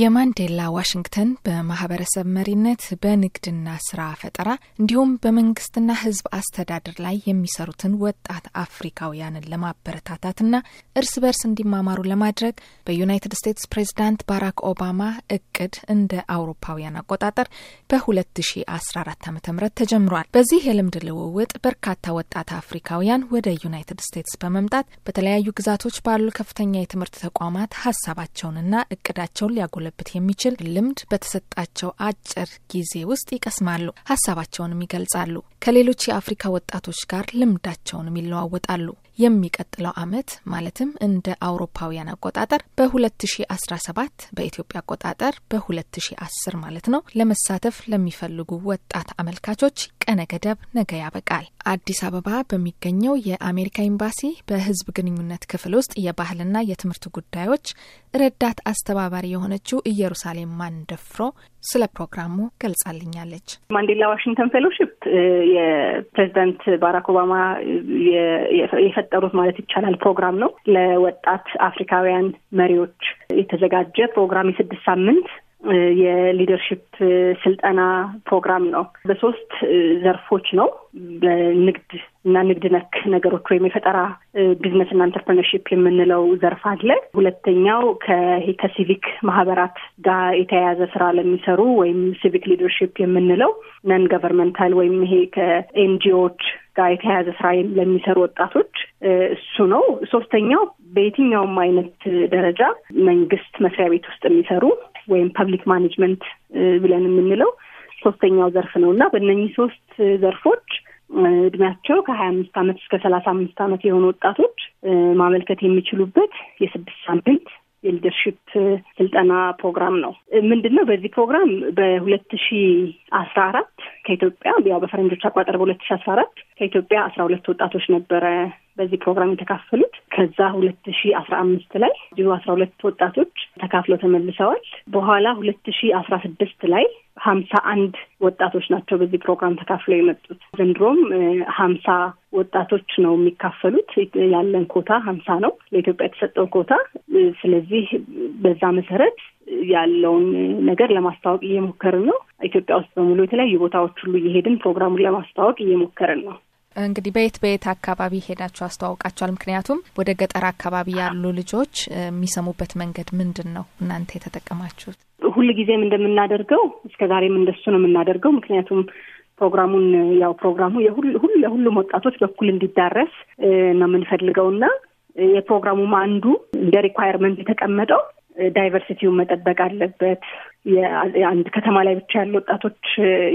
የማንዴላ ዋሽንግተን በማህበረሰብ መሪነት በንግድና ስራ ፈጠራ እንዲሁም በመንግስትና ሕዝብ አስተዳደር ላይ የሚሰሩትን ወጣት አፍሪካውያንን ለማበረታታትና እርስ በርስ እንዲማማሩ ለማድረግ በዩናይትድ ስቴትስ ፕሬዚዳንት ባራክ ኦባማ እቅድ እንደ አውሮፓውያን አቆጣጠር በ2014 ዓ ም ተጀምሯል። በዚህ የልምድ ልውውጥ በርካታ ወጣት አፍሪካውያን ወደ ዩናይትድ ስቴትስ በመምጣት በተለያዩ ግዛቶች ባሉ ከፍተኛ የትምህርት ተቋማት ሀሳባቸውንና እቅዳቸውን ሊያጎለ ሊስተዋልበት የሚችል ልምድ በተሰጣቸው አጭር ጊዜ ውስጥ ይቀስማሉ፣ ሀሳባቸውንም ይገልጻሉ። ከሌሎች የአፍሪካ ወጣቶች ጋር ልምዳቸውንም ይለዋወጣሉ። የሚቀጥለው አመት ማለትም እንደ አውሮፓውያን አቆጣጠር በ2017 በኢትዮጵያ አቆጣጠር በ2010 ማለት ነው ለመሳተፍ ለሚፈልጉ ወጣት አመልካቾች ቀነ ገደብ ነገ ያበቃል። አዲስ አበባ በሚገኘው የአሜሪካ ኤምባሲ በህዝብ ግንኙነት ክፍል ውስጥ የባህልና የትምህርት ጉዳዮች ረዳት አስተባባሪ የሆነችው ኢየሩሳሌም ማንደፍሮ ስለ ፕሮግራሙ ገልጻልኛለች። ማንዴላ ዋሽንግተን ፌሎሺፕ የፕሬዚዳንት ባራክ ኦባማ የፈጠሩት ማለት ይቻላል ፕሮግራም ነው። ለወጣት አፍሪካውያን መሪዎች የተዘጋጀ ፕሮግራም የስድስት ሳምንት የሊደርሽፕ ስልጠና ፕሮግራም ነው። በሶስት ዘርፎች ነው። በንግድ እና ንግድ ነክ ነገሮች ወይም የፈጠራ ቢዝነስ እና ኢንተርፕርነርሺፕ የምንለው ዘርፍ አለ። ሁለተኛው ከሲቪክ ማህበራት ጋር የተያያዘ ስራ ለሚሰሩ ወይም ሲቪክ ሊደርሽፕ የምንለው ነን ገቨርንመንታል ወይም ይሄ ከኤንጂኦዎች ጋር የተያያዘ ስራ ለሚሰሩ ወጣቶች እሱ ነው። ሶስተኛው በየትኛውም አይነት ደረጃ መንግስት መስሪያ ቤት ውስጥ የሚሰሩ ወይም ፐብሊክ ማኔጅመንት ብለን የምንለው ሶስተኛው ዘርፍ ነው እና በእነኚህ ሶስት ዘርፎች እድሜያቸው ከሀያ አምስት አመት እስከ ሰላሳ አምስት አመት የሆኑ ወጣቶች ማመልከት የሚችሉበት የስድስት ሳምንት የሊደርሽፕ ስልጠና ፕሮግራም ነው። ምንድን ነው በዚህ ፕሮግራም በሁለት ሺ አስራ አራት ከኢትዮጵያ ያው በፈረንጆች አቋጠር በሁለት ሺ አስራ አራት ከኢትዮጵያ አስራ ሁለት ወጣቶች ነበረ በዚህ ፕሮግራም የተካፈሉት። ከዛ ሁለት ሺ አስራ አምስት ላይ እዚሁ አስራ ሁለት ወጣቶች ተካፍለው ተመልሰዋል። በኋላ ሁለት ሺ አስራ ስድስት ላይ ሀምሳ አንድ ወጣቶች ናቸው በዚህ ፕሮግራም ተካፍለው የመጡት። ዘንድሮም ሀምሳ ወጣቶች ነው የሚካፈሉት። ያለን ኮታ ሀምሳ ነው ለኢትዮጵያ የተሰጠው ኮታ። ስለዚህ በዛ መሰረት ያለውን ነገር ለማስታወቅ እየሞከርን ነው። ኢትዮጵያ ውስጥ በሙሉ የተለያዩ ቦታዎች ሁሉ እየሄድን ፕሮግራሙን ለማስታወቅ እየሞከርን ነው። እንግዲህ በየት በየት አካባቢ ሄዳችሁ አስተዋውቃችኋል? ምክንያቱም ወደ ገጠር አካባቢ ያሉ ልጆች የሚሰሙበት መንገድ ምንድን ነው? እናንተ የተጠቀማችሁት? ሁል ጊዜም እንደምናደርገው እስከ ዛሬም እንደሱ ነው የምናደርገው። ምክንያቱም ፕሮግራሙን ያው ፕሮግራሙ ለሁሉም ወጣቶች በኩል እንዲዳረስ ነው የምንፈልገው እና የፕሮግራሙም አንዱ እንደ ሪኳየርመንት የተቀመጠው ዳይቨርሲቲውን መጠበቅ አለበት። አንድ ከተማ ላይ ብቻ ያሉ ወጣቶች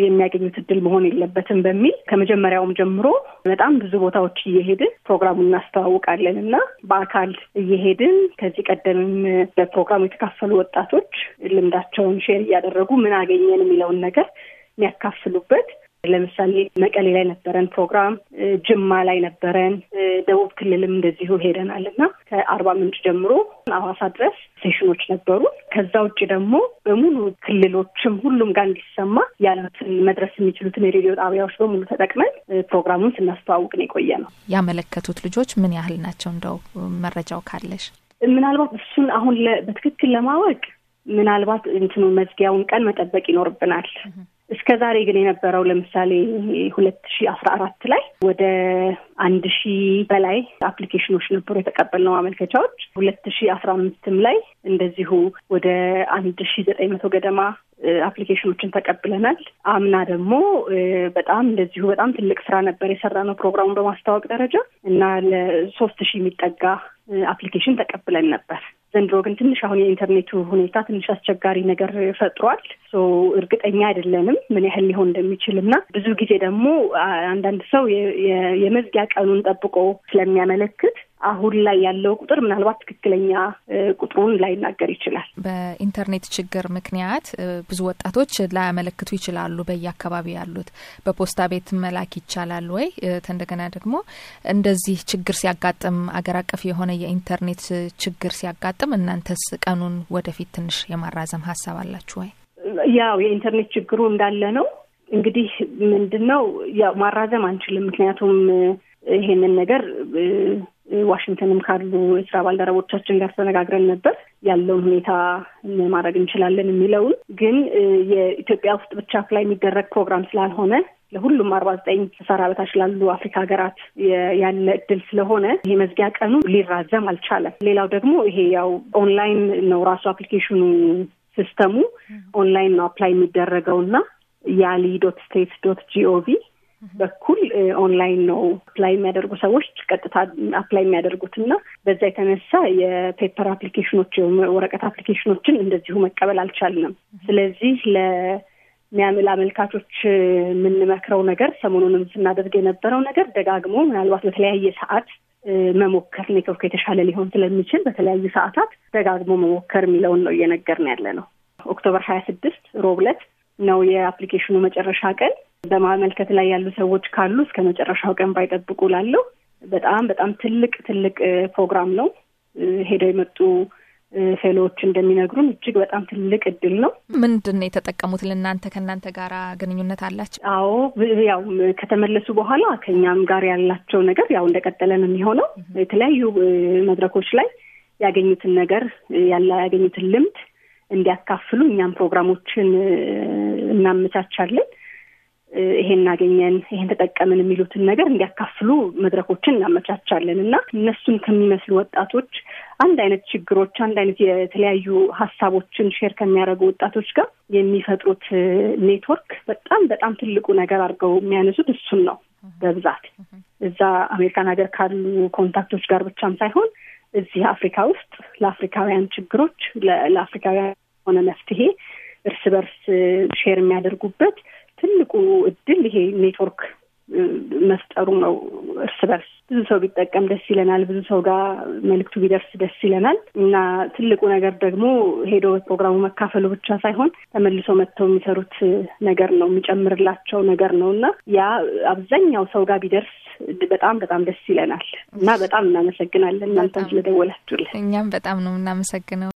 የሚያገኙት እድል መሆን የለበትም በሚል ከመጀመሪያውም ጀምሮ በጣም ብዙ ቦታዎች እየሄድን ፕሮግራሙን እናስተዋውቃለን እና በአካል እየሄድን ከዚህ ቀደምም በፕሮግራሙ የተካፈሉ ወጣቶች ልምዳቸውን ሼር እያደረጉ ምን አገኘን የሚለውን ነገር የሚያካፍሉበት ለምሳሌ መቀሌ ላይ ነበረን ፕሮግራም፣ ጅማ ላይ ነበረን፣ ደቡብ ክልልም እንደዚሁ ሄደናል እና ከአርባ ምንጭ ጀምሮ አዋሳ ድረስ ሴሽኖች ነበሩ። ከዛ ውጭ ደግሞ በሙሉ ክልሎችም ሁሉም ጋር እንዲሰማ ያሉትን መድረስ የሚችሉትን የሬዲዮ ጣቢያዎች በሙሉ ተጠቅመን ፕሮግራሙን ስናስተዋውቅ ነው የቆየ ነው። ያመለከቱት ልጆች ምን ያህል ናቸው? እንደው መረጃው ካለሽ ምናልባት እሱን አሁን በትክክል ለማወቅ ምናልባት እንትኑ መዝጊያውን ቀን መጠበቅ ይኖርብናል። እስከ ዛሬ ግን የነበረው ለምሳሌ ሁለት ሺ አስራ አራት ላይ ወደ አንድ ሺ በላይ አፕሊኬሽኖች ነበሩ የተቀበልነው አመልከቻዎች። ሁለት ሺ አስራ አምስትም ላይ እንደዚሁ ወደ አንድ ሺ ዘጠኝ መቶ ገደማ አፕሊኬሽኖችን ተቀብለናል። አምና ደግሞ በጣም እንደዚሁ በጣም ትልቅ ስራ ነበር የሰራነው ፕሮግራሙን በማስተዋወቅ ደረጃ እና ለሶስት ሺህ የሚጠጋ አፕሊኬሽን ተቀብለን ነበር። ዘንድሮ ግን ትንሽ አሁን የኢንተርኔቱ ሁኔታ ትንሽ አስቸጋሪ ነገር ፈጥሯል። እርግጠኛ አይደለንም ምን ያህል ሊሆን እንደሚችል እና ብዙ ጊዜ ደግሞ አንዳንድ ሰው የመዝጊያ ቀኑን ጠብቆ ስለሚያመለክት አሁን ላይ ያለው ቁጥር ምናልባት ትክክለኛ ቁጥሩን ላይናገር ይችላል። በኢንተርኔት ችግር ምክንያት ብዙ ወጣቶች ላያመለክቱ ይችላሉ። በየአካባቢ ያሉት በፖስታ ቤት መላክ ይቻላል ወይ? እንደገና ደግሞ እንደዚህ ችግር ሲያጋጥም አገር አቀፍ የሆነ የኢንተርኔት ችግር ሲያጋጥም እናንተስ ቀኑን ወደፊት ትንሽ የማራዘም ሀሳብ አላችሁ ወይ? ያው የኢንተርኔት ችግሩ እንዳለ ነው። እንግዲህ ምንድን ነው ያው ማራዘም አንችልም። ምክንያቱም ይሄንን ነገር ዋሽንግተንም ካሉ የስራ ባልደረቦቻችን ጋር ተነጋግረን ነበር ያለውን ሁኔታ ማድረግ እንችላለን የሚለውን ግን የኢትዮጵያ ውስጥ ብቻ ላይ የሚደረግ ፕሮግራም ስላልሆነ ለሁሉም አርባ ዘጠኝ ተሰራ በታች ላሉ አፍሪካ ሀገራት ያለ እድል ስለሆነ ይሄ መዝጊያ ቀኑ ሊራዘም አልቻለም። ሌላው ደግሞ ይሄ ያው ኦንላይን ነው ራሱ አፕሊኬሽኑ ሲስተሙ ኦንላይን ነው አፕላይ የሚደረገው እና ያሊ ዶት ስቴት ዶት ጂኦቪ በኩል ኦንላይን ነው አፕላይ የሚያደርጉ ሰዎች ቀጥታ አፕላይ የሚያደርጉት እና በዛ የተነሳ የፔፐር አፕሊኬሽኖች ወረቀት አፕሊኬሽኖችን እንደዚሁ መቀበል አልቻልንም። ስለዚህ ለሚያምል አመልካቾች የምንመክረው ነገር ሰሞኑንም ስናደርግ የነበረው ነገር ደጋግሞ ምናልባት በተለያየ ሰዓት መሞከር ኔትወርክ የተሻለ ሊሆን ስለሚችል በተለያዩ ሰዓታት ደጋግሞ መሞከር የሚለውን ነው እየነገርን ያለ ነው። ኦክቶበር ሀያ ስድስት ሮብለት ነው የአፕሊኬሽኑ መጨረሻ ቀን። በማመልከት ላይ ያሉ ሰዎች ካሉ እስከ መጨረሻው ቀን ባይጠብቁ ላለው በጣም በጣም ትልቅ ትልቅ ፕሮግራም ነው። ሄደው የመጡ ፌሎዎች እንደሚነግሩን እጅግ በጣም ትልቅ እድል ነው። ምንድን ነው የተጠቀሙት? ለእናንተ ከእናንተ ጋር ግንኙነት አላቸው? አዎ፣ ያው ከተመለሱ በኋላ ከእኛም ጋር ያላቸው ነገር ያው እንደቀጠለ ነው የሚሆነው። የተለያዩ መድረኮች ላይ ያገኙትን ነገር ያለ ያገኙትን ልምድ እንዲያካፍሉ እኛም ፕሮግራሞችን እናመቻቻለን። ይሄን እናገኘን ይሄን ተጠቀምን የሚሉትን ነገር እንዲያካፍሉ መድረኮችን እናመቻቻለን እና እነሱን ከሚመስሉ ወጣቶች አንድ አይነት ችግሮች አንድ አይነት የተለያዩ ሀሳቦችን ሼር ከሚያደርጉ ወጣቶች ጋር የሚፈጥሩት ኔትወርክ በጣም በጣም ትልቁ ነገር አድርገው የሚያነሱት እሱን ነው። በብዛት እዛ አሜሪካን ሀገር ካሉ ኮንታክቶች ጋር ብቻም ሳይሆን እዚህ አፍሪካ ውስጥ ለአፍሪካውያን ችግሮች ለአፍሪካውያን ሆነ መፍትሄ እርስ በርስ ሼር የሚያደርጉበት ትልቁ እድል ይሄ ኔትወርክ መፍጠሩ ነው። እርስ በርስ ብዙ ሰው ቢጠቀም ደስ ይለናል። ብዙ ሰው ጋር መልእክቱ ቢደርስ ደስ ይለናል እና ትልቁ ነገር ደግሞ ሄዶ በፕሮግራሙ መካፈሉ ብቻ ሳይሆን ተመልሶ መጥተው የሚሰሩት ነገር ነው የሚጨምርላቸው ነገር ነው እና ያ አብዛኛው ሰው ጋር ቢደርስ በጣም በጣም ደስ ይለናል እና በጣም እናመሰግናለን እናንተም ስለደወላችሁልን። እኛም በጣም ነው የምናመሰግነው።